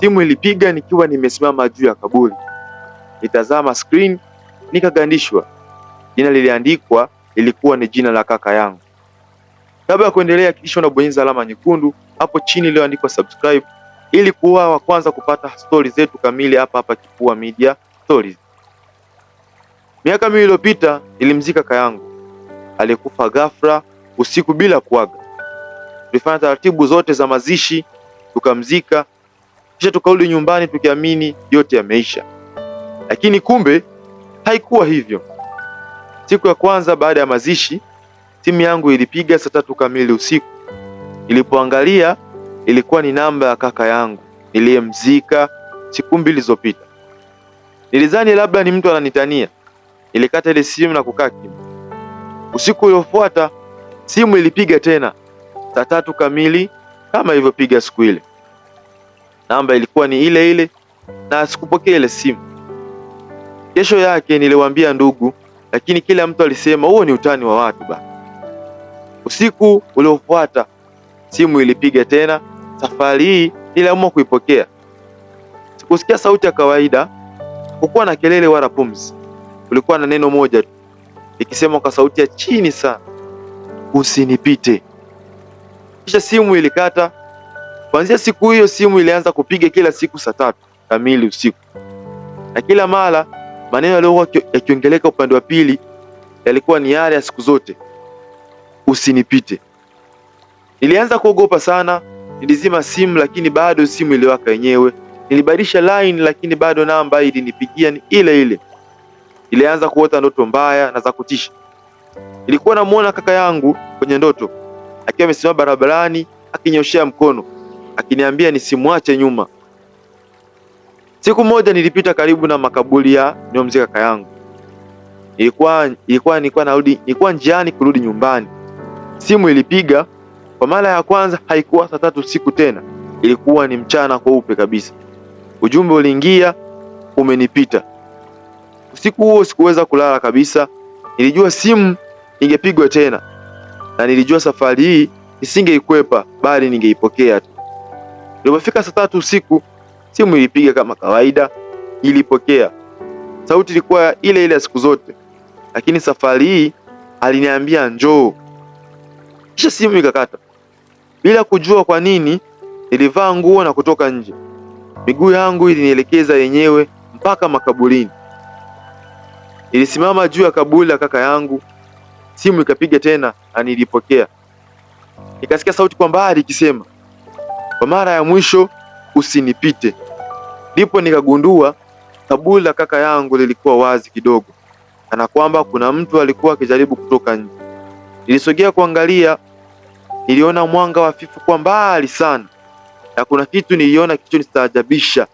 Simu ilipiga nikiwa nimesimama juu ya kaburi. Nitazama screen nikagandishwa. Jina liliandikwa lilikuwa ni jina la kaka yangu. Kabla ya kuendelea, kisha unabonyeza alama nyekundu hapo chini iliyoandikwa subscribe ili kuwa wa kwanza kupata stori zetu kamili hapa hapa Kipua Media Stories. Miaka miwili iliyopita nilimzika kaka yangu alikufa ghafla usiku bila kuaga. Tulifanya taratibu zote za mazishi, tukamzika kisha tukarudi nyumbani tukiamini yote yameisha, lakini kumbe haikuwa hivyo. Siku ya kwanza baada ya mazishi, simu yangu ilipiga saa tatu kamili usiku. Nilipoangalia ilikuwa ni namba ya kaka yangu niliyemzika siku mbili zilizopita. nilizani labda ni mtu ananitania. Nilikata ile simu na kukaa kimya. Usiku uliofuata simu ilipiga tena saa tatu kamili kama ilivyopiga siku ile namba ilikuwa ni ile ile na sikupokea ile simu. Kesho yake niliwaambia ndugu, lakini kila mtu alisema huo ni utani wa watu ba. Usiku uliofuata simu ilipiga tena. Safari hii niliamua kuipokea. Sikusikia sauti ya kawaida, hakukuwa na kelele wala pumzi. Kulikuwa na neno moja tu ikisema kwa sauti ya chini sana, usinipite. Kisha simu ilikata. Kuanzia siku hiyo simu ilianza kupiga kila siku saa tatu kamili usiku, na kila mara maneno yaliyokuwa yakiongeleka upande wa pili yalikuwa ni yale ya siku zote: usinipite. Nilianza kuogopa sana. Nilizima simu, lakini bado simu iliwaka yenyewe. Nilibadilisha line, lakini bado namba ilinipigia ni ile ile. Nilianza kuota ndoto mbaya na za kutisha. Nilikuwa namuona kaka yangu kwenye ndoto akiwa amesimama barabarani akinyoshea mkono akiniambia nisimwache nyuma. Siku moja nilipita karibu na makaburi ya niomzika kaka yangu. Ilikuwa ilikuwa nilikuwa narudi, nilikuwa njiani kurudi nyumbani. Simu ilipiga kwa mara ya kwanza. Haikuwa saa tatu siku tena, ilikuwa ni mchana kweupe kabisa. Ujumbe uliingia, umenipita. Usiku huo sikuweza kulala kabisa. Nilijua simu ingepigwa tena, na nilijua safari hii nisingeikwepa, bali ningeipokea tu. Ilipofika saa tatu usiku, simu ilipiga kama kawaida. Ilipokea, sauti ilikuwa ile ile ya siku zote, lakini safari hii aliniambia njoo. Kisha simu ikakata. Bila kujua kwa nini, nilivaa nguo na kutoka nje. Miguu yangu ilinielekeza yenyewe mpaka makaburini. Nilisimama juu ya kaburi la kaka yangu. Simu ikapiga tena na nilipokea. Nikasikia sauti kwa mbali ikisema kwa mara ya mwisho usinipite. Ndipo nikagundua kaburi la kaka yangu lilikuwa wazi kidogo, kana kwamba kuna mtu alikuwa akijaribu kutoka nje. Nilisogea kuangalia, niliona mwanga hafifu kwa mbali sana, na kuna kitu niliona kilichonistaajabisha.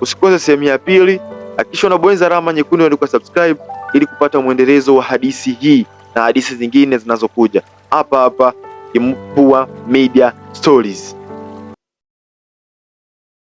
Usikose sehemu ya pili. Hakikisha unabonyeza alama nyekundu iliyoandikwa subscribe ili kupata mwendelezo wa hadithi hii na hadithi zingine zinazokuja hapa hapa Impua Media Stories.